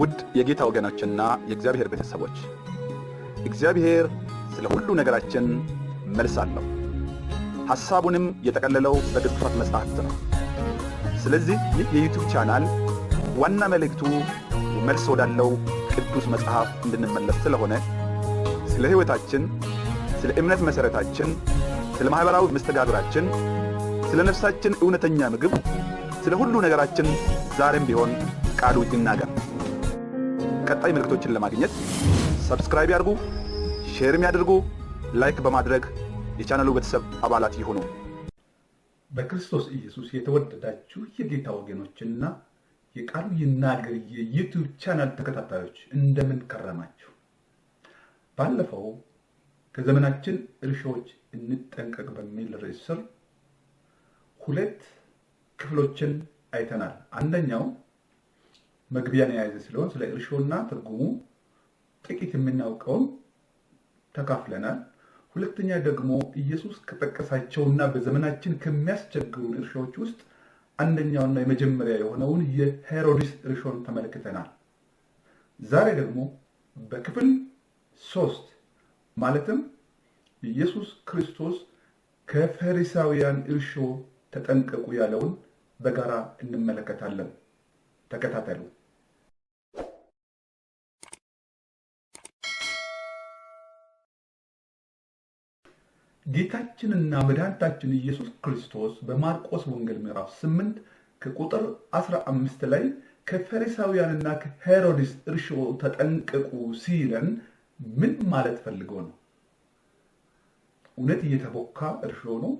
ውድ የጌታ ወገኖችና የእግዚአብሔር ቤተሰቦች እግዚአብሔር ስለ ሁሉ ነገራችን መልስ አለው። ሐሳቡንም የጠቀለለው በቅዱሳት መጻሕፍት ነው። ስለዚህ ይህ የዩቱብ ቻናል ዋና መልእክቱ መልስ ወዳለው ቅዱስ መጽሐፍ እንድንመለስ ስለሆነ ስለ ሕይወታችን፣ ስለ እምነት መሠረታችን፣ ስለ ማኅበራዊ መስተጋብራችን፣ ስለ ነፍሳችን እውነተኛ ምግብ፣ ስለ ሁሉ ነገራችን ዛሬም ቢሆን ቃሉ ይናገር። ቀጣይ መልእክቶችን ለማግኘት ሰብስክራይብ ያድርጉ፣ ሼርም ያድርጉ፣ ላይክ በማድረግ የቻናሉ ቤተሰብ አባላት ይሁኑ። በክርስቶስ ኢየሱስ የተወደዳችሁ የጌታ ወገኖችና የቃሉ ይናገር የዩቱብ ቻናል ተከታታዮች እንደምን ከረማችሁ? ባለፈው ከዘመናችን እርሾዎች እንጠንቀቅ በሚል ርዕስ ስር ሁለት ክፍሎችን አይተናል። አንደኛው መግቢያን የያዘ ስለሆን ስለ እርሾና ትርጉሙ ጥቂት የምናውቀውን ተካፍለናል። ሁለተኛ ደግሞ ኢየሱስ ከጠቀሳቸውና በዘመናችን ከሚያስቸግሩን እርሾዎች ውስጥ አንደኛውና የመጀመሪያ የሆነውን የሄሮድስ እርሾን ተመልክተናል። ዛሬ ደግሞ በክፍል ሶስት ማለትም ኢየሱስ ክርስቶስ ከፈሪሳውያን እርሾ ተጠንቀቁ ያለውን በጋራ እንመለከታለን። ተከታተሉ። ጌታችንና መድኃኒታችን ኢየሱስ ክርስቶስ በማርቆስ ወንጌል ምዕራፍ 8 ከቁጥር 15 ላይ ከፈሪሳውያንና ከሄሮድስ እርሾ ተጠንቀቁ ሲለን ምን ማለት ፈልጎ ነው? እውነት እየተቦካ እርሾ ነው።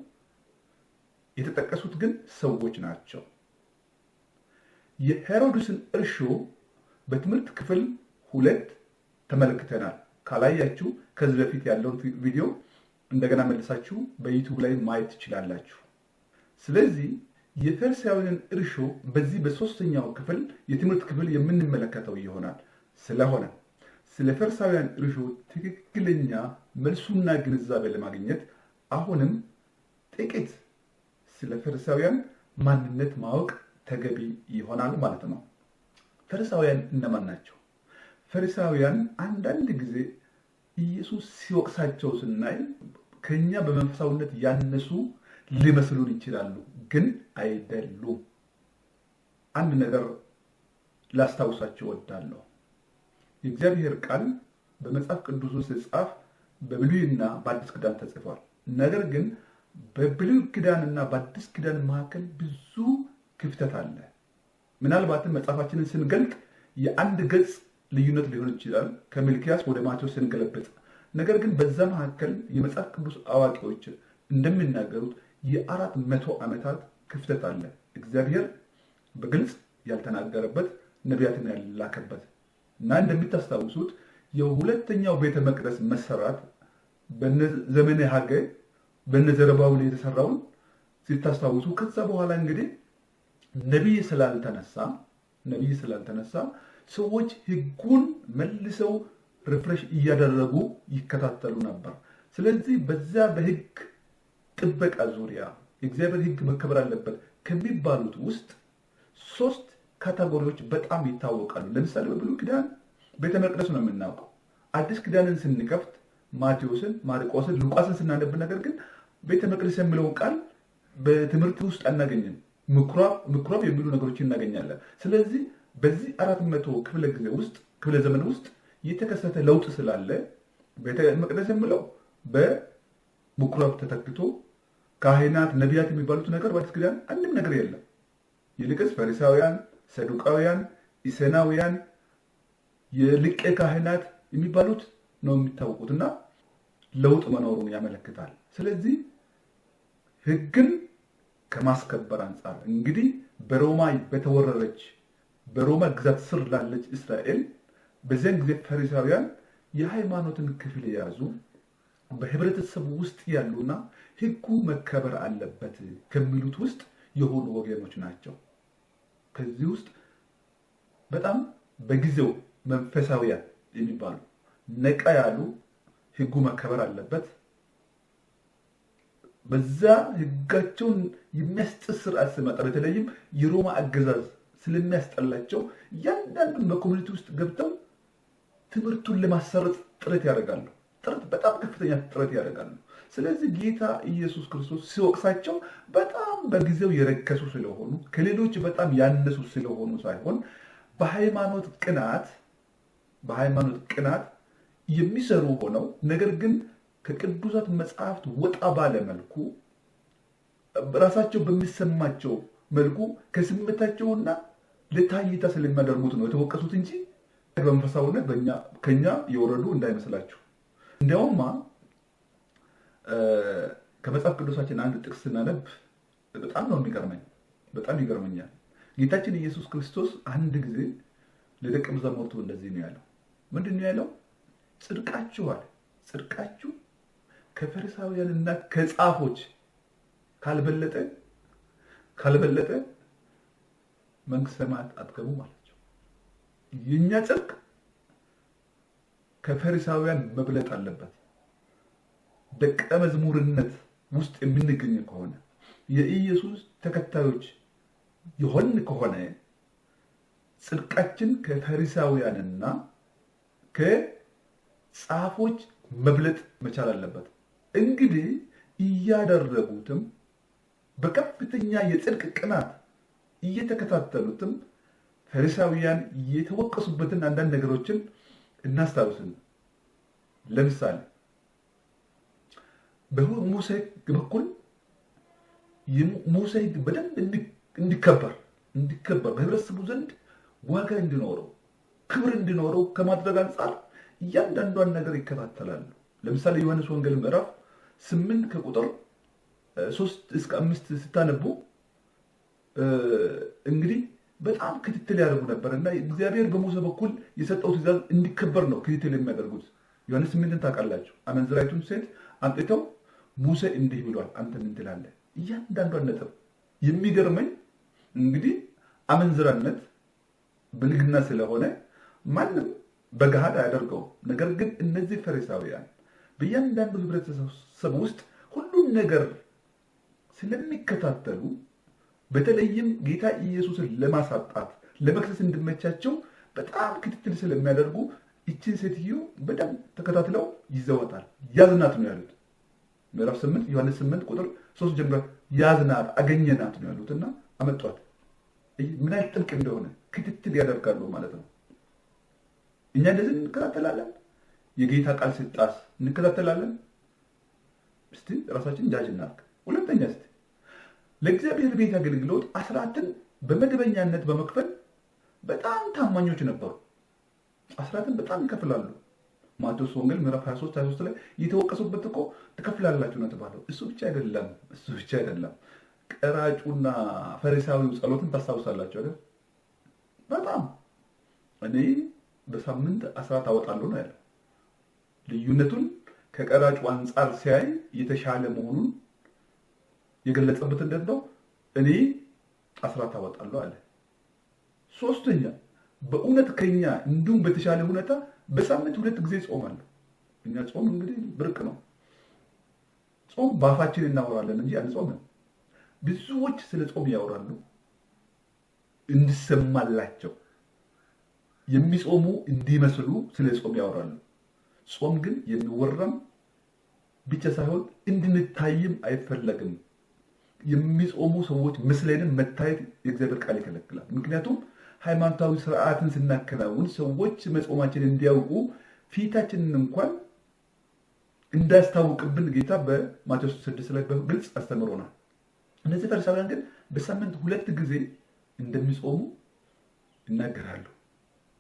የተጠቀሱት ግን ሰዎች ናቸው። የሄሮድስን እርሾ በትምህርት ክፍል ሁለት ተመልክተናል። ካላያችሁ ከዚህ በፊት ያለውን ቪዲዮ እንደገና መልሳችሁ በዩቱብ ላይ ማየት ትችላላችሁ። ስለዚህ የፈሪሳውያንን እርሾ በዚህ በሶስተኛው ክፍል የትምህርት ክፍል የምንመለከተው ይሆናል። ስለሆነ ስለ ፈሪሳውያን እርሾ ትክክለኛ መልሱና ግንዛቤ ለማግኘት አሁንም ጥቂት ስለ ፈሪሳውያን ማንነት ማወቅ ተገቢ ይሆናል ማለት ነው። ፈሪሳውያን እነማን ናቸው? ፈሪሳውያን አንዳንድ ጊዜ ኢየሱስ ሲወቅሳቸው ስናይ ከኛ በመንፈሳዊነት ያነሱ ሊመስሉን ይችላሉ፣ ግን አይደሉም። አንድ ነገር ላስታውሳቸው እወዳለሁ። የእግዚአብሔር ቃል በመጽሐፍ ቅዱስ ውስጥ ሲጻፍ በብሉይና በአዲስ ኪዳን ተጽፏል። ነገር ግን በብሉይ ኪዳንና በአዲስ ኪዳን መካከል ብዙ ክፍተት አለ። ምናልባትም መጽሐፋችንን ስንገልጥ የአንድ ገጽ ልዩነት ሊሆን ይችላል ከሚልኪያስ ወደ ማቴዎስ ስንገለበጥ። ነገር ግን በዛ መካከል የመጽሐፍ ቅዱስ አዋቂዎች እንደሚናገሩት የአራት መቶ ዓመታት ክፍተት አለ። እግዚአብሔር በግልጽ ያልተናገረበት ነቢያትን ያላከበት እና እንደሚታስታውሱት የሁለተኛው ቤተ መቅደስ መሰራት በዘመነ ሐጌ ላይ የተሰራውን ሲታስታውሱ ከዛ በኋላ እንግዲህ ነቢይ ስላልተነሳ ነቢይ ስላልተነሳ ሰዎች ህጉን መልሰው ሪፍሬሽ እያደረጉ ይከታተሉ ነበር። ስለዚህ በዛ በህግ ጥበቃ ዙሪያ የእግዚአብሔር ህግ መከበር አለበት ከሚባሉት ውስጥ ሶስት ካታጎሪዎች በጣም ይታወቃሉ። ለምሳሌ በብሉይ ኪዳን ቤተ መቅደሱ ነው የምናውቀው። አዲስ ኪዳንን ስንከፍት ማቴዎስን፣ ማርቆስን፣ ሉቃስን ስናነብ ነገር ግን ቤተ መቅደስ የሚለውን ቃል በትምህርት ውስጥ አናገኝም። ምኩራብ የሚሉ ነገሮች እናገኛለን። ስለዚህ በዚህ አራት መቶ ክፍለ ጊዜ ውስጥ ክፍለ ዘመን ውስጥ የተከሰተ ለውጥ ስላለ ቤተ መቅደስ የምለው በምኩራብ ተተክቶ ካህናት፣ ነቢያት የሚባሉት ነገር በአዲስ ኪዳን አንድም ነገር የለም። ይልቅስ ፈሪሳውያን፣ ሰዱቃውያን፣ ኢሰናውያን፣ የልቄ ካህናት የሚባሉት ነው የሚታወቁት እና ለውጥ መኖሩን ያመለክታል። ስለዚህ ህግን ከማስከበር አንጻር እንግዲህ በሮማ በተወረረች በሮማ ግዛት ስር ላለች እስራኤል በዚያን ጊዜ ፈሪሳውያን የሃይማኖትን ክፍል የያዙ በህብረተሰቡ ውስጥ ያሉና ህጉ መከበር አለበት ከሚሉት ውስጥ የሆኑ ወገኖች ናቸው። ከዚህ ውስጥ በጣም በጊዜው መንፈሳውያን የሚባሉ ነቃ ያሉ ህጉ መከበር አለበት በዛ ህጋቸውን የሚያስጥስ ስርዓት ስመጣ በተለይም የሮማ አገዛዝ ስለሚያስጠላቸው እያንዳንዱን በኮሚኒቲ ውስጥ ገብተው ትምህርቱን ለማሰረጥ ጥረት ያደርጋሉ። ጥረት በጣም ከፍተኛ ጥረት ያደርጋሉ። ስለዚህ ጌታ ኢየሱስ ክርስቶስ ሲወቅሳቸው በጣም በጊዜው የረከሱ ስለሆኑ ከሌሎች በጣም ያነሱ ስለሆኑ ሳይሆን በሃይማኖት ቅናት በሃይማኖት ቅናት የሚሰሩ ሆነው ነገር ግን ከቅዱሳት መጽሐፍት ወጣ ባለ መልኩ ራሳቸው በሚሰማቸው መልኩ ከስሜታቸውና ለታይታ ስለሚያደርጉት ነው የተወቀሱት እንጂ በመንፈሳዊነት ከኛ የወረዱ እንዳይመስላችሁ። እንዲያውማ ከመጽሐፍ ቅዱሳችን አንድ ጥቅስ ስናነብ በጣም ነው የሚገርመኝ፣ በጣም ይገርመኛል። ጌታችን ኢየሱስ ክርስቶስ አንድ ጊዜ ለደቀ መዛሙርቱ እንደዚህ ነው ያለው። ምንድን ነው ያለው? ጽድቃችሁ አለ ጽድቃችሁ ከፈሪሳውያንና ከጻፎች ካልበለጠ ካልበለጠ መንግስት ሰማያት አትገቡም አላቸው። የእኛ ጽድቅ ከፈሪሳውያን መብለጥ አለበት። ደቀ መዝሙርነት ውስጥ የምንገኝ ከሆነ የኢየሱስ ተከታዮች የሆን ከሆነ ጽድቃችን ከፈሪሳውያንና ከጻፎች መብለጥ መቻል አለበት። እንግዲህ እያደረጉትም በከፍተኛ የጽድቅ ቅናት እየተከታተሉትም ፈሪሳውያን የተወቀሱበትን አንዳንድ ነገሮችን እናስታውስን። ለምሳሌ በሙሴ ሕግ በኩል ሙሴ ሕግ በደንብ እንዲከበር እንዲከበር በህብረተሰቡ ዘንድ ዋጋ እንዲኖረው ክብር እንዲኖረው ከማድረግ አንጻር እያንዳንዷን ነገር ይከታተላሉ። ለምሳሌ ዮሐንስ ወንጌል ምዕራፍ ስምንት ከቁጥር ሶስት እስከ አምስት ስታነቡ እንግዲህ በጣም ክትትል ያደርጉ ነበር እና እግዚአብሔር በሙሴ በኩል የሰጠው ትእዛዝ እንዲከበር ነው ክትትል የሚያደርጉት። ዮሐንስ ስምንትን ታውቃላችሁ። አመንዝራይቱን ሴት አምጥተው ሙሴ እንዲህ ብሏል፣ አንተ ምን ትላለህ? እያንዳንዷን ነጥብ የሚገርመኝ እንግዲህ አመንዝራነት ብልግና ስለሆነ ማንም በገሃድ አያደርገው። ነገር ግን እነዚህ ፈሪሳውያን በእያንዳንዱ ህብረተሰብ ውስጥ ሁሉም ነገር ስለሚከታተሉ በተለይም ጌታ ኢየሱስን ለማሳጣት ለመክሰስ እንድመቻቸው በጣም ክትትል ስለሚያደርጉ ይችን ሴትዮ በጣም ተከታትለው ይዘወታል። ያዝናት ነው ያሉት። ምዕራፍ 8 ዮሐንስ 8 ቁጥር 3 ጀምሮ ያዝናት፣ አገኘናት ነው ያሉት እና አመጧት። ምን አይነት ጥልቅ እንደሆነ ክትትል ያደርጋሉ ማለት ነው። እኛ እንደዚህ እንከታተላለን። የጌታ ቃል ስጣስ እንከታተላለን። እስቲ ራሳችን ጃጅ እናርግ። ሁለተኛስ ለእግዚአብሔር ቤት አገልግሎት አስራትን በመደበኛነት በመክፈል በጣም ታማኞች ነበሩ። አስራትን በጣም ይከፍላሉ። ማቴዎስ ወንጌል ምዕራፍ 23 23 ላይ የተወቀሱበት እኮ ትከፍላላችሁ ነው የተባለው። እሱ ብቻ አይደለም፣ እሱ ብቻ አይደለም። ቀራጩና ፈሪሳዊው ጸሎትን ታስታውሳላችሁ አይደል? በጣም እኔ በሳምንት አስራት አወጣለሁ ነው ያለው። ልዩነቱን ከቀራጩ አንጻር ሲያይ የተሻለ መሆኑን የገለጸበት እንደት ነው? እኔ አስራት አወጣለሁ አለ። ሶስተኛ በእውነት ከኛ እንዲሁም በተሻለ ሁኔታ በሳምንት ሁለት ጊዜ ጾማለሁ። እኛ ጾም እንግዲህ ብርቅ ነው። ጾም በአፋችን እናወራለን እንጂ አንጾምም። ብዙዎች ስለ ጾም ያወራሉ እንዲሰማላቸው የሚጾሙ እንዲመስሉ ስለ ጾም ያወራሉ። ጾም ግን የሚወራም ብቻ ሳይሆን እንድንታይም አይፈለግም። የሚጾሙ ሰዎች ምስለንም መታየት የእግዚአብሔር ቃል ይከለክላል። ምክንያቱም ሃይማኖታዊ ስርዓትን ስናከናውን ሰዎች መጾማችን እንዲያውቁ ፊታችንን እንኳን እንዳስታውቅብን ጌታ በማቴዎስ ስድስት ላይ በግልጽ አስተምሮናል። እነዚህ ፈሪሳውያን ግን በሳምንት ሁለት ጊዜ እንደሚጾሙ ይናገራሉ።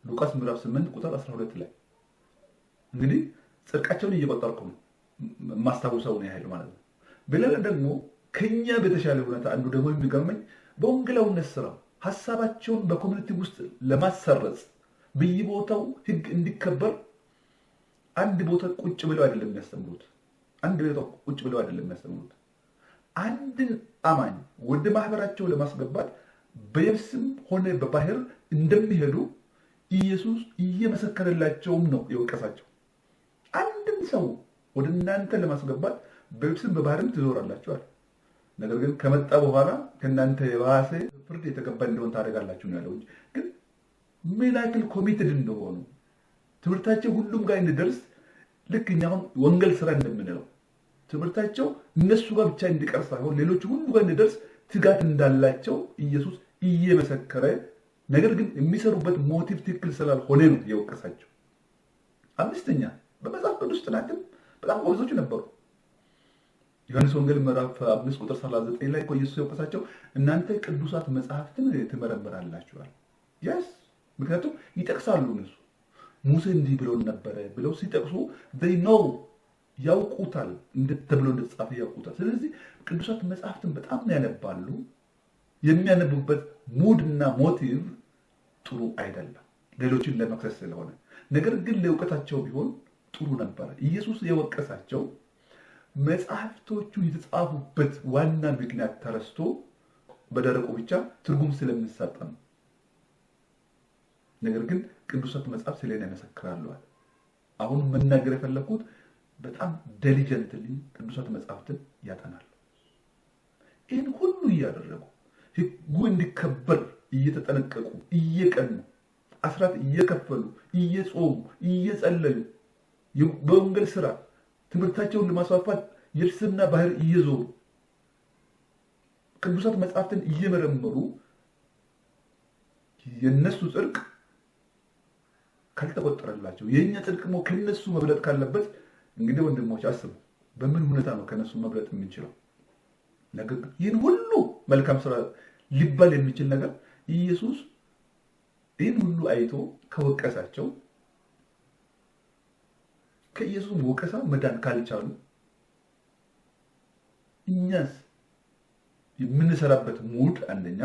ሉቃስ ምዕራፍ 8 ቁጥር 12 ላይ እንግዲህ ጽድቃቸውን እየቆጠርኩ ነው ማስታውሰው ነው ያህል ማለት ነው። በሌላ ደግሞ ከኛ በተሻለ ሁኔታ አንዱ ደግሞ የሚገመኝ በወንጌላዊነት ስራው ሀሳባቸውን በኮሚኒቲ ውስጥ ለማሰረጽ በየቦታው ህግ እንዲከበር አንድ ቦታ ቁጭ ብለው አይደለም የሚያስተምሩት። አንድ ቦታ ቁጭ ብለው አይደለም የሚያስተምሩት። አንድን አማኝ ወደ ማህበራቸው ለማስገባት በየብስም ሆነ በባህር እንደሚሄዱ ኢየሱስ እየመሰከረላቸውም ነው የወቀሳቸው። አንድን ሰው ወደ እናንተ ለማስገባት በየብስም በባህርም ትዞራላችኋል ነገር ግን ከመጣ በኋላ ከእናንተ የባሰ ፍርድ የተቀባ እንደሆን ታደርጋላችሁ ነው ያለው እንጂ ግን ምን ያክል ኮሚትድ እንደሆኑ ትምህርታቸው ሁሉም ጋር እንዲደርስ ልክ እኛ አሁን ወንጌል ስራ እንደምንለው ትምህርታቸው እነሱ ጋር ብቻ እንዲቀር ሳይሆን ሌሎች ሁሉ ጋር እንዲደርስ ትጋት እንዳላቸው ኢየሱስ እየመሰከረ ነገር ግን የሚሰሩበት ሞቲቭ ትክክል ስላልሆነ ነው የወቀሳቸው። አምስተኛ በመጽሐፍ ቅዱስ ጥናትም በጣም ጎበዞች ነበሩ። ዮሐንስ ወንጌል ምዕራፍ አምስት ቁጥር 39 ላይ እኮ ኢየሱስ የወቀሳቸው እናንተ ቅዱሳት መጽሐፍትን ትመረምራላችኋል። ያስ ምክንያቱም ይጠቅሳሉ እነሱ ሙሴ እንዲህ ብሎን ነበረ ብለው ሲጠቅሱ ይ ነው ያውቁታል ተብሎ እንደተጻፈ ያውቁታል። ስለዚህ ቅዱሳት መጽሐፍትን በጣም ያነባሉ። የሚያነቡበት ሙድ እና ሞቲቭ ጥሩ አይደለም፣ ሌሎችን ለመክሰስ ስለሆነ። ነገር ግን ለእውቀታቸው ቢሆን ጥሩ ነበረ። ኢየሱስ የወቀሳቸው መጽሐፍቶቹ የተጻፉበት ዋና ምክንያት ተረስቶ በደረቁ ብቻ ትርጉም ስለሚሰጥ ነው። ነገር ግን ቅዱሳት መጽሐፍ ስለን ያመሰክራለዋል። አሁን መናገር የፈለግኩት በጣም ደሊጀንትሊ ቅዱሳት መጽሐፍትን ያጠናሉ። ይህን ሁሉ እያደረጉ ህጉ እንዲከበር እየተጠነቀቁ እየቀኑ አስራት እየከፈሉ እየጾሙ እየጸለዩ በወንጌል ስራ ትምህርታቸውን ለማስፋፋት የፍልስፍና ባህር እየዞሩ ቅዱሳት መጽሐፍትን እየመረመሩ የእነሱ ጽድቅ ካልተቆጠረላቸው የእኛ ጽድቅ ሞ ከነሱ መብለጥ ካለበት እንግዲህ ወንድሞች አስቡ፣ በምን ሁኔታ ነው ከነሱ መብለጥ የምንችለው? ነገር ግን ይህን ሁሉ መልካም ስራ ሊባል የሚችል ነገር ኢየሱስ ይህን ሁሉ አይቶ ከወቀሳቸው ከኢየሱስ ወቀሳ መዳን ካልቻሉ እኛስ የምንሰራበት ሙድ አንደኛ፣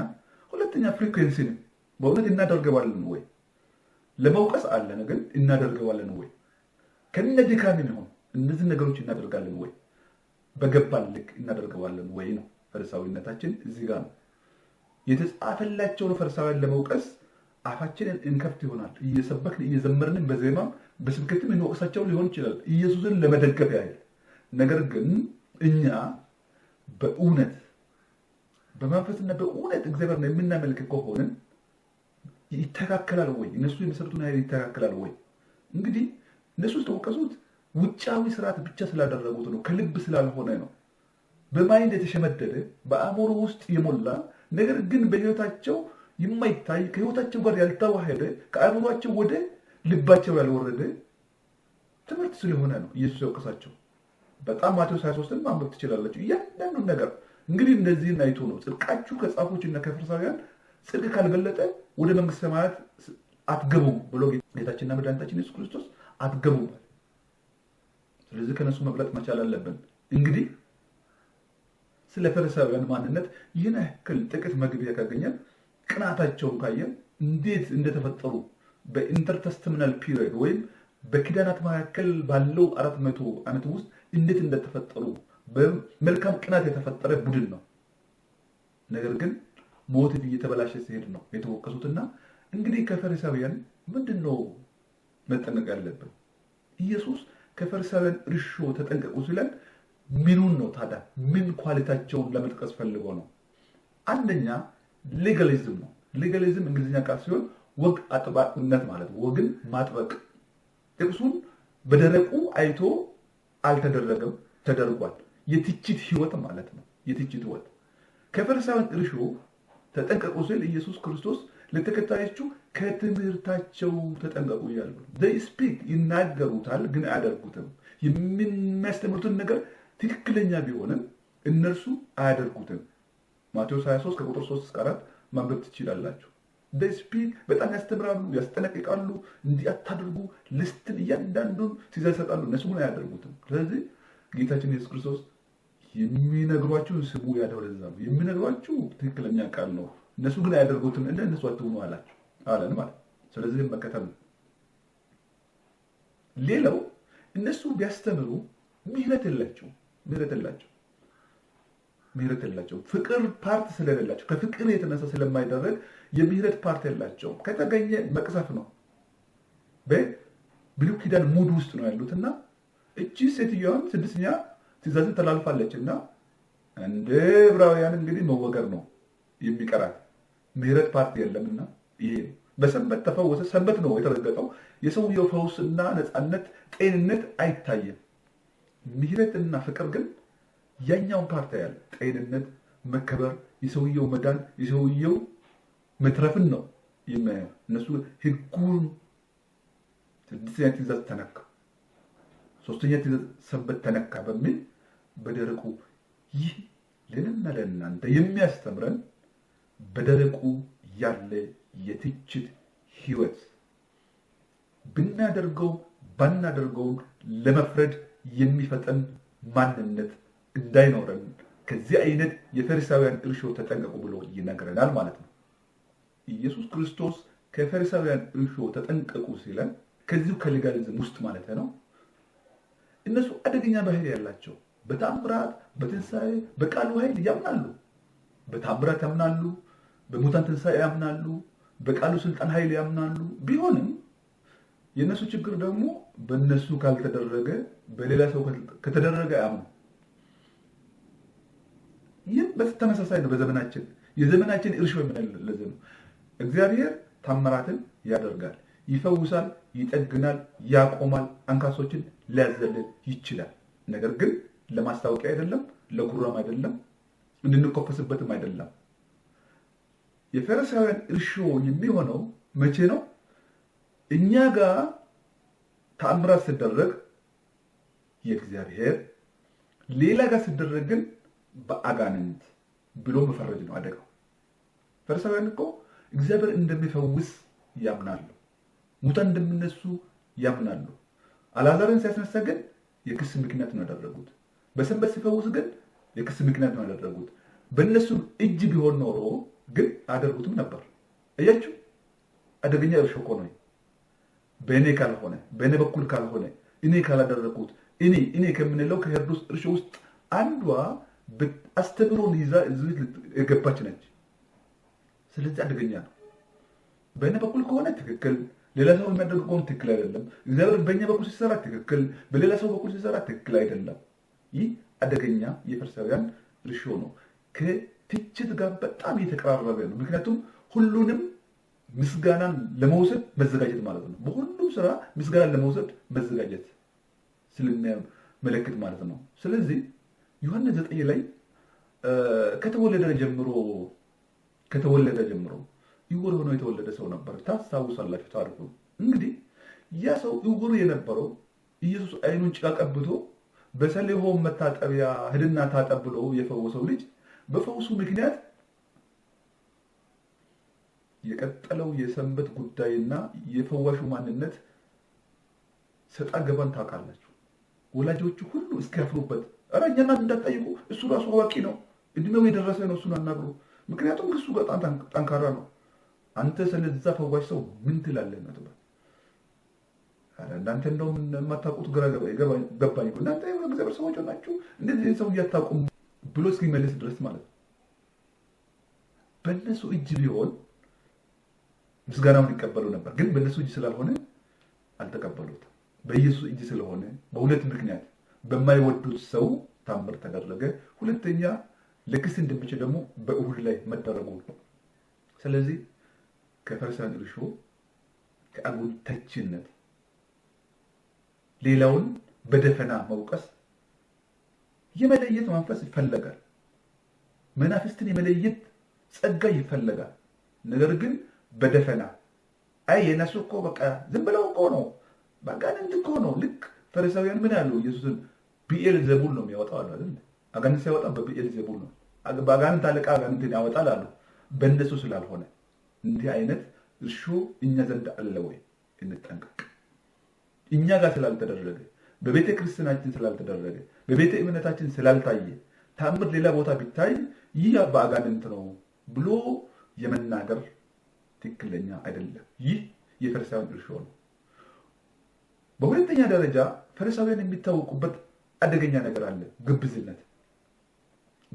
ሁለተኛ ፍሪኩዌንሲ ነው። በእውነት እናደርገዋለን ወይ? ለመውቀስ አለን ግን እናደርገዋለን ወይ? ከነ ድካም ሆን እነዚህ ነገሮች እናደርጋለን ወይ? በገባን ልክ እናደርገዋለን ወይ ነው ፈሪሳዊነታችን። እዚህ ጋር ነው የተጻፈላቸውን ፈሪሳውያን ለመውቀስ አፋችንን እንከፍት ይሆናል እየሰበክን እየዘመርንን በዜማም በስብከትም የሚወቅሳቸው ሊሆን ይችላል ኢየሱስን ለመደገፍ ያህል። ነገር ግን እኛ በእውነት በመንፈስና በእውነት እግዚአብሔር የምናመልክ ከሆንን ይተካከላል ወይ? እነሱ የሚሰሩትን ያህል ይተካከላል ወይ? እንግዲህ እነሱ ስተወቀሱት ውጫዊ ስርዓት ብቻ ስላደረጉት ነው፣ ከልብ ስላልሆነ ነው። በማይንድ የተሸመደደ በአእምሮ ውስጥ የሞላ ነገር ግን በህይወታቸው የማይታይ ከህይወታቸው ጋር ያልተዋሄደ ከአእምሯቸው ወደ ልባቸው ያልወረደ ትምህርት ስለሆነ ነው ኢየሱስ ያውቀሳቸው። በጣም ማቴዎስ 23 ማንበብ ትችላላቸው እያንዳንዱን ነገር እንግዲህ እንደዚህን አይቶ ነው ጽድቃችሁ ከጻፎች እና ከፈሪሳውያን ጽድቅ ካልበለጠ ወደ መንግስተ ሰማያት አትገቡም ብሎ ጌታችንና መድኃኒታችን ኢየሱስ ክርስቶስ አትገቡም። ስለዚህ ከነሱ መብለጥ መቻል አለብን። እንግዲህ ስለ ፈሪሳውያን ማንነት ይህን ያክል ጥቂት መግቢያ ካገኘን፣ ቅናታቸውን ካየን፣ እንዴት እንደተፈጠሩ በኢንተርተስተምናል ፒሪድ ወይም በኪዳናት መካከል ባለው አራት መቶ ዓመት ውስጥ እንዴት እንደተፈጠሩ በመልካም ቅናት የተፈጠረ ቡድን ነው። ነገር ግን ሞት እየተበላሸ ሲሄድ ነው የተወቀሱትና እንግዲህ ከፈሪሳውያን ምንድን ነው መጠነቅ ያለብን? ኢየሱስ ከፈሪሳውያን እርሾ ተጠንቀቁ ሲለን ምኑን ነው ታዲያ? ምን ኳሊታቸውን ለመጥቀስ ፈልጎ ነው? አንደኛ ሌጋሊዝም ነው። ሌጋሊዝም እንግሊዝኛ ቃል ሲሆን ወግ አጥባቂነት ማለት ወግን ማጥበቅ ጥቅሱን በደረቁ አይቶ አልተደረገም ተደርጓል። የትችት ህይወት ማለት ነው። የትችት ህይወት ከፈሪሳውያን እርሾ ተጠንቀቁ ሲል ኢየሱስ ክርስቶስ ለተከታዮቹ ከትምህርታቸው ተጠንቀቁ እያሉ ስፒክ ይናገሩታል፣ ግን አያደርጉትም። የሚያስተምሩትን ነገር ትክክለኛ ቢሆንም እነርሱ አያደርጉትም። ማቴዎስ 23 ከቁጥር 3 እስከ 4 ማንበብ ትችላላችሁ። በስፒድ በጣም ያስተምራሉ፣ ያስጠነቅቃሉ። እንዲህ አታድርጉ ልስትን እያንዳንዱን ሲዘር ይሰጣሉ። እነሱ ግን አያደርጉትም። ስለዚህ ጌታችን ኢየሱስ ክርስቶስ የሚነግሯችሁ ስሙ ያለው ለዛ ነው። የሚነግሯችሁ ትክክለኛ ቃል ነው። እነሱ ግን አያደርጉትም። እንደ እነሱ አትሆኑ አላቸው አለን ማለት ስለዚህ መከተል ነው። ሌላው እነሱ ቢያስተምሩ ምህረት የላቸው ምህረት የላቸው ምህረት የላቸው ፍቅር ፓርት ስለሌላቸው ከፍቅር የተነሳ ስለማይደረግ የምህረት ፓርት የላቸውም። ከተገኘ መቅሰፍ ነው። በብሉይ ኪዳን ሙድ ውስጥ ነው ያሉት እና እቺ ሴትዮዋን ስድስተኛ ትእዛዝን ተላልፋለች እና እንደ ዕብራውያን እንግዲህ መወገር ነው የሚቀራት። ምህረት ፓርት የለምና ይሄ በሰንበት ተፈወሰ። ሰንበት ነው የተረገጠው። የሰውየው ፈውስና ነፃነት፣ ጤንነት አይታይም። ምህረትና ፍቅር ግን ያኛውን ፓርት ያለ ጤንነት፣ መከበር፣ የሰውየው መዳን፣ የሰውየው መትረፍን ነው የሚያየው። እነሱ ህጉን ስድስተኛ ትእዛዝ ተነካ፣ ሶስተኛ ትእዛዝ ሰንበት ተነካ በሚል በደረቁ ይህ ለእኔና ለእናንተ የሚያስተምረን በደረቁ ያለ የትችት ህይወት ብናደርገው ባናደርገውም ለመፍረድ የሚፈጠን ማንነት እንዳይኖረን ከዚህ አይነት የፈሪሳውያን እርሾ ተጠንቀቁ ብሎ ይነግረናል ማለት ነው። ኢየሱስ ክርስቶስ ከፈሪሳውያን እርሾ ተጠንቀቁ ሲለን ከዚሁ ከሌጋሊዝም ውስጥ ማለት ነው። እነሱ አደገኛ ባህል ያላቸው በታምራት በትንሣኤ በቃሉ ኃይል ያምናሉ። በታምራት ያምናሉ፣ በሙታን ትንሣኤ ያምናሉ፣ በቃሉ ስልጣን ኃይል ያምናሉ። ቢሆንም የእነሱ ችግር ደግሞ በእነሱ ካልተደረገ በሌላ ሰው ከተደረገ አያምኑ። ይህ በተመሳሳይ ነው። በዘመናችን የዘመናችን እርሾ የምንለዘ ነው። እግዚአብሔር ታምራትን ያደርጋል፣ ይፈውሳል፣ ይጠግናል፣ ያቆማል፣ አንካሶችን ሊያዘልል ይችላል። ነገር ግን ለማስታወቂያ አይደለም፣ ለጉራም አይደለም፣ እንድንኮፈስበትም አይደለም። የፈሪሳውያን እርሾ የሚሆነው መቼ ነው? እኛ ጋር ተአምራት ስደረግ የእግዚአብሔር ሌላ ጋር ስደረግ ግን በአጋንንት ብሎ መፈረጅ ነው አደጋው። ፈሪሳውያን እኮ እግዚአብሔር እንደሚፈውስ ያምናሉ። ሙታን እንደሚነሱ ያምናሉ። አላዛርን ሲያስነሳ ግን የክስ ምክንያት ነው ያደረጉት። በሰንበት ሲፈውስ ግን የክስ ምክንያት ነው ያደረጉት። በእነሱ እጅ ቢሆን ኖሮ ግን አደርጉትም ነበር። እያችሁ አደገኛ ሸኮ ነው። በእኔ ካልሆነ በእኔ በኩል ካልሆነ እኔ ካላደረግኩት እኔ እኔ ከምንለው ከሄሮድስ እርሾ ውስጥ አንዷ አስተምሮን ይዛ የገባች ነች። ስለዚህ አደገኛ ነው። በእኔ በኩል ከሆነ ትክክል፣ ሌላ ሰው የሚያደርገው ከሆነ ትክክል አይደለም። እግዚአብሔር በእኛ በኩል ሲሰራ ትክክል፣ በሌላ ሰው በኩል ሲሰራ ትክክል አይደለም። ይህ አደገኛ የፈሪሳውያን እርሾ ነው። ከትችት ጋር በጣም የተቀራረበ ነው። ምክንያቱም ሁሉንም ምስጋናን ለመውሰድ መዘጋጀት ማለት ነው። በሁሉም ስራ ምስጋናን ለመውሰድ መዘጋጀት ስለሚያመለክት ማለት ነው። ስለዚህ ዮሐንስ ዘጠኝ ላይ ከተወለደ ጀምሮ ከተወለደ ጀምሮ እውር ሆኖ የተወለደ ሰው ነበር። ታስታውሳላችሁ ታሪኩ። እንግዲህ ያ ሰው እውር የነበረው ኢየሱስ አይኑን ጭቃ ቀብቶ በሰሊሆም መታጠቢያ ሂድና ታጠብ ብሎ የፈወሰው ልጅ በፈውሱ ምክንያት የቀጠለው የሰንበት ጉዳይና የፈዋሹ ማንነት ሰጣ ገባን ታውቃላችሁ። ወላጆቹ ሁሉ እስኪያፍሩበት ኧረ እኛና እንዳትጠይቁ እሱ ራሱ አዋቂ ነው፣ እድሜው የደረሰ ነው፣ እሱን አናግሩ ምክንያቱም ክሱ በጣም ጠንካራ ነው። አንተ ስለዛ ፈዋሽ ሰው ምን ትላለህ? ነጥባል እናንተ እንደውም የማታውቁት ግራ ገባኝ። እናንተ እግዚአብሔር ሰዎች ናችሁ፣ እንደዚህ ሰው እያታውቁም ብሎ እስኪመለስ ድረስ ማለት ነው። በእነሱ እጅ ቢሆን ምስጋናውን ይቀበሉ ነበር፣ ግን በእነሱ እጅ ስላልሆነ አልተቀበሉት። በኢየሱስ እጅ ስለሆነ በሁለት ምክንያት በማይወዱት ሰው ታምር ተደረገ። ሁለተኛ ልክስ እንደምችል ደግሞ በእሁድ ላይ መደረጉ ነው። ስለዚህ ከፈርሳን እርሾ ከአጉል ተችነት ሌላውን በደፈና መውቀስ የመለየት መንፈስ ይፈለጋል። መናፍስትን የመለየት ጸጋ ይፈለጋል። ነገር ግን በደፈና አይ የነሱ እኮ በቃ ዝም ብለው እኮ ነው፣ በአጋንንት እኮ ነው። ልክ ፈሪሳውያን ምን ያለው ኢየሱስን ብኤል ዘቡል ነው የሚያወጣው አሉ አይደል? አጋንንት ሲያወጣ በብኤልዜቡል ነው። በአጋንንት አለቃ አጋንንትን ያወጣል አሉ። በእነሱ ስላልሆነ እንዲህ አይነት እርሾ እኛ ዘንድ አለ ወይ? እንጠንቀቅ። እኛ ጋር ስላልተደረገ፣ በቤተ ክርስትናችን ስላልተደረገ፣ በቤተ እምነታችን ስላልታየ ታምር ሌላ ቦታ ቢታይ ይህ በአጋንንት ነው ብሎ የመናገር ትክክለኛ አይደለም። ይህ የፈሪሳውያን እርሾ ነው። በሁለተኛ ደረጃ ፈሪሳውያን የሚታወቁበት አደገኛ ነገር አለ፣ ግብዝነት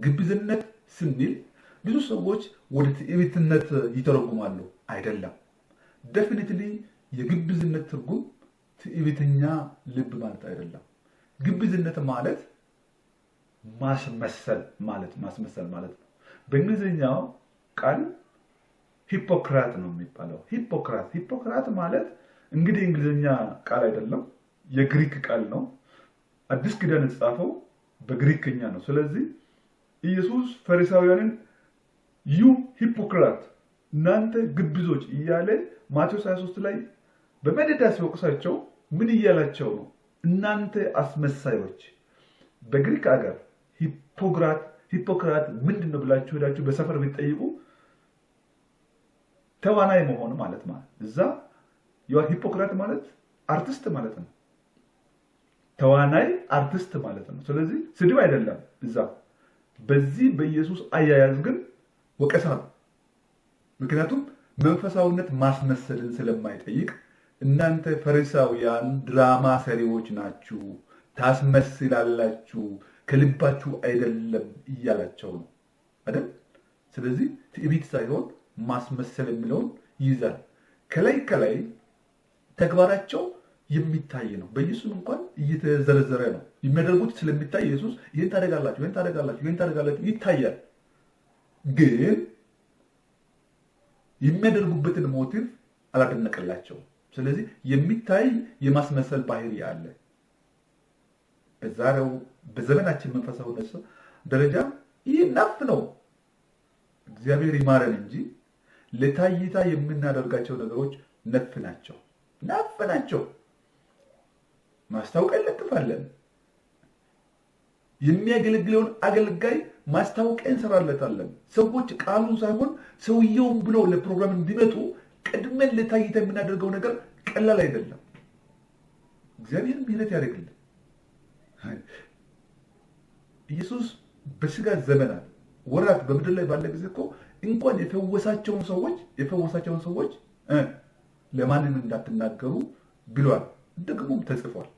ግብዝነት ስንል ብዙ ሰዎች ወደ ትዕቢትነት ይተረጉማሉ። አይደለም። ደፊኒትሊ የግብዝነት ትርጉም ትዕቢተኛ ልብ ማለት አይደለም። ግብዝነት ማለት ማስመሰል ማለት ማስመሰል ማለት ነው። በእንግሊዝኛው ቃል ሂፖክራት ነው የሚባለው። ሂፖክራት ሂፖክራት ማለት እንግዲህ እንግሊዝኛ ቃል አይደለም፣ የግሪክ ቃል ነው። አዲስ ኪዳን የተጻፈው በግሪክኛ ነው። ስለዚህ ኢየሱስ ፈሪሳውያንን ዩ ሂፖክራት እናንተ ግብዞች እያለ ማቴዎስ 23 ላይ በመደዳ ሲወቅሳቸው ምን እያላቸው ነው? እናንተ አስመሳዮች። በግሪክ አገር ሂፖክራት ሂፖክራት ምንድን ነው ብላችሁ ሄዳችሁ በሰፈር ቢጠይቁ ተዋናይ መሆን ማለት ማለት እዛ ሂፖክራት ማለት አርቲስት ማለት ነው። ተዋናይ አርቲስት ማለት ነው። ስለዚህ ስድብ አይደለም እዛ በዚህ በኢየሱስ አያያዝ ግን ወቀሳ ነው። ምክንያቱም መንፈሳዊነት ማስመሰልን ስለማይጠይቅ እናንተ ፈሪሳውያን ድራማ ሰሪዎች ናችሁ፣ ታስመስላላችሁ፣ ከልባችሁ አይደለም እያላቸው ነው አይደል? ስለዚህ ትዕቢት ሳይሆን ማስመሰል የሚለውን ይይዛል። ከላይ ከላይ ተግባራቸው የሚታይ ነው። በኢየሱስ እንኳን እየተዘረዘረ ነው የሚያደርጉት ስለሚታይ ኢየሱስ ይህን ታደርጋላችሁ፣ ይህን ታደርጋላችሁ፣ ይህን ታደርጋላችሁ ይታያል። ግን የሚያደርጉበትን ሞቲቭ አላደነቀላቸውም። ስለዚህ የሚታይ የማስመሰል ባህሪ አለ። በዛሬው በዘመናችን መንፈሳዊ ደረጃ ይህ ናፍ ነው። እግዚአብሔር ይማረን እንጂ ለታይታ የምናደርጋቸው ነገሮች ነፍ ናቸው፣ ናፍ ናቸው። ማስታወቂያ እንለጥፋለን። የሚያገለግለውን አገልጋይ ማስታወቂያ እንሰራለታለን። ሰዎች ቃሉን ሳይሆን ሰውየውን ብለው ለፕሮግራም እንዲመጡ ቀድመን ለታይታ የምናደርገው ነገር ቀላል አይደለም። እግዚአብሔር ምሕረት ያደርግልን። ኢየሱስ በስጋ ዘመናት ወራት በምድር ላይ ባለ ጊዜ እኮ እንኳን የፈወሳቸውን ሰዎች የፈወሳቸውን ሰዎች ለማንም እንዳትናገሩ ብሏል። ደግሞም ተጽፏል።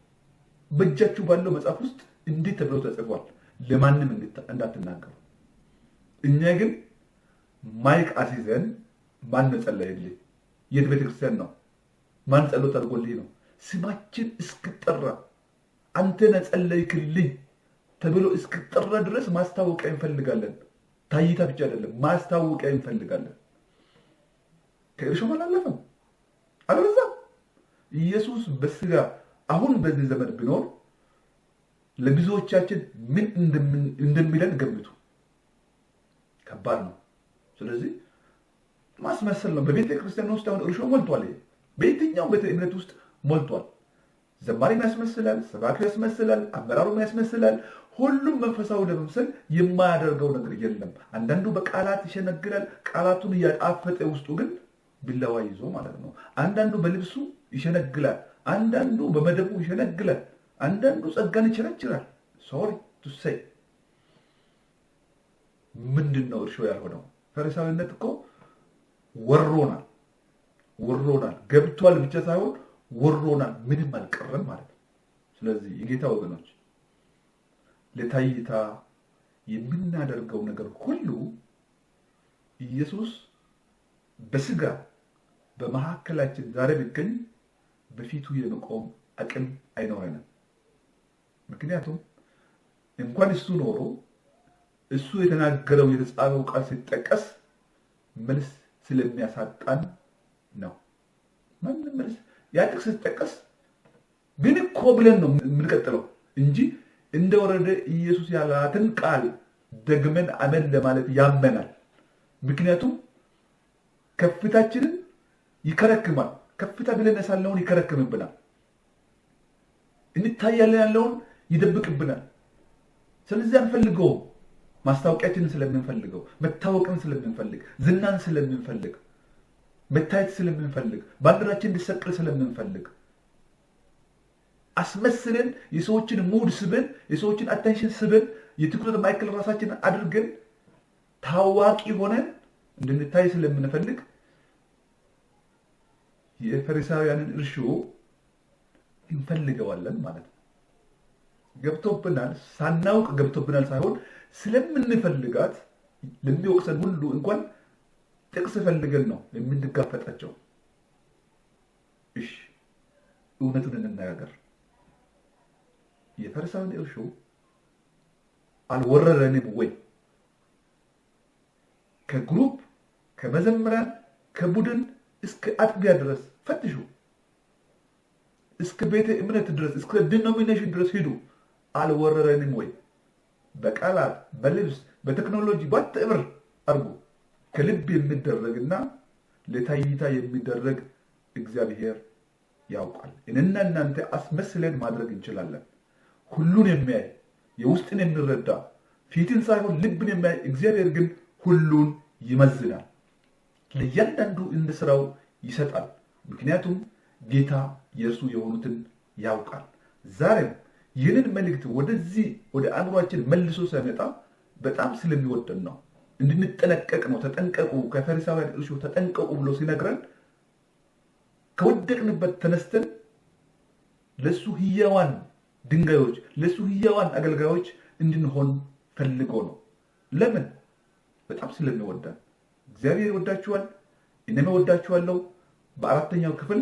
በእጃችሁ ባለው መጽሐፍ ውስጥ እንዴት ተብሎ ተጽፏል፣ ለማንም እንዳትናገሩ። እኛ ግን ማይክ አስይዘን ማን ነው ጸለየልህ? የት ቤተክርስቲያን ነው? ማን ጸሎት አድርጎልህ ነው? ስማችን እስክጠራ አንተ ነህ ጸለይክልኝ ተብሎ እስክጠራ ድረስ ማስታወቂያ እንፈልጋለን። ታይታ ብቻ አይደለም፣ ማስታወቂያ እንፈልጋለን። ከእርሾም አላለፈም አለበዛ ኢየሱስ በስጋ አሁን በዚህ ዘመን ቢኖር ለብዙዎቻችን ምን እንደሚለን ገምቱ። ከባድ ነው። ስለዚህ ማስመሰል ነው። በቤተ ክርስቲያን ውስጥ አሁን እርሾ ሞልቷል። በየትኛውም ቤተ እምነት ውስጥ ሞልቷል። ዘማሪም ያስመስላል፣ ሰባኪ ያስመስላል፣ አመራሩም ያስመስላል። ሁሉም መንፈሳዊ ለመምሰል የማያደርገው ነገር የለም። አንዳንዱ በቃላት ይሸነግላል፣ ቃላቱን እያጣፈጠ ውስጡ ግን ቢላዋ ይዞ ማለት ነው። አንዳንዱ በልብሱ ይሸነግላል፣ አንዳንዱ በመደቡ ይሸነግላል፣ አንዳንዱ ጸጋን ይችረችራል። ሶሪ ቱሴይ ምንድን ነው እርሾ ያልሆነው? ፈሪሳዊነት እኮ ወሮናል፣ ወሮናል ገብቷል ብቻ ሳይሆን ወሮናል፣ ምንም አልቀረም ማለት ነው። ስለዚህ የጌታ ወገኖች ለታይታ የምናደርገው ነገር ሁሉ ኢየሱስ በስጋ በመካከላችን ዛሬ ቢገኝ በፊቱ የመቆም አቅም አይኖረንም። ምክንያቱም እንኳን እሱ ኖሮ እሱ የተናገረው የተጻፈው ቃል ሲጠቀስ መልስ ስለሚያሳጣን ነው። ማንም መልስ ያጥቅ ሲጠቀስ ግን እኮ ብለን ነው የምንቀጥለው እንጂ እንደወረደ ኢየሱስ ያላትን ቃል ደግመን አመን ለማለት ያመናል። ምክንያቱም ከፍታችንን ይከረክማል። ከፍታ ብለን ያለውን ይከረክምብናል። እንታያለን ያለውን ይደብቅብናል። ስለዚህ አንፈልገውም። ማስታወቂያችንን ስለምንፈልገው፣ መታወቅን ስለምንፈልግ፣ ዝናን ስለምንፈልግ፣ መታየት ስለምንፈልግ፣ ባንዲራችን እንዲሰቅል ስለምንፈልግ አስመስለን የሰዎችን ሙድ ስብን የሰዎችን አቴንሽን ስብን የትኩረት ማዕከል ራሳችን አድርገን ታዋቂ ሆነን እንድንታይ ስለምንፈልግ የፈሪሳውያንን እርሾ እንፈልገዋለን ማለት ነው። ገብቶብናል፣ ሳናውቅ ገብቶብናል ሳይሆን ስለምንፈልጋት ለሚወቅሰን ሁሉ እንኳን ጥቅስ ፈልገን ነው የምንጋፈጣቸው። እሺ እውነቱን እንነጋገር። የፈሪሳውያን እርሾ አልወረረንም ወይ? ከግሩፕ ከመዘምራን ከቡድን እስከ አጥቢያ ድረስ ፈትሹ። እስከ ቤተ እምነት ድረስ እስከ ዲኖሚኔሽን ድረስ ሂዱ። አልወረረንም ወይ? በቃላት በልብስ በቴክኖሎጂ ባትዕብር አርጉ። ከልብ የሚደረግና ለታይታ የሚደረግ እግዚአብሔር ያውቃል። እኔና እናንተ አስመስለን ማድረግ እንችላለን። ሁሉን የሚያይ የውስጥን የሚረዳ ፊትን ሳይሆን ልብን የሚያይ እግዚአብሔር ግን ሁሉን ይመዝናል። ለእያንዳንዱ እንደ ስራው ይሰጣል። ምክንያቱም ጌታ የእርሱ የሆኑትን ያውቃል። ዛሬም ይህንን መልእክት ወደዚህ ወደ አእምሯችን መልሶ ሲያመጣ በጣም ስለሚወደን ነው። እንድንጠነቀቅ ነው። ተጠንቀቁ፣ ከፈሪሳውያን እርሾ ተጠንቀቁ ብሎ ሲነግረን ከወደቅንበት ተነስተን ለእሱ ህያዋን ድንጋዮች፣ ለእሱ ህያዋን አገልጋዮች እንድንሆን ፈልጎ ነው። ለምን? በጣም ስለሚወዳን። እግዚአብሔር ይወዳችኋል፣ እኔም እወዳችኋለሁ። በአራተኛው ክፍል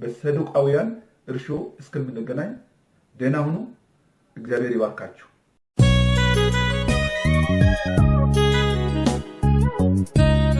በሰዱቃውያን እርሾ እስከምንገናኝ ደህና ሁኑ። እግዚአብሔር ይባርካችሁ። Thank you.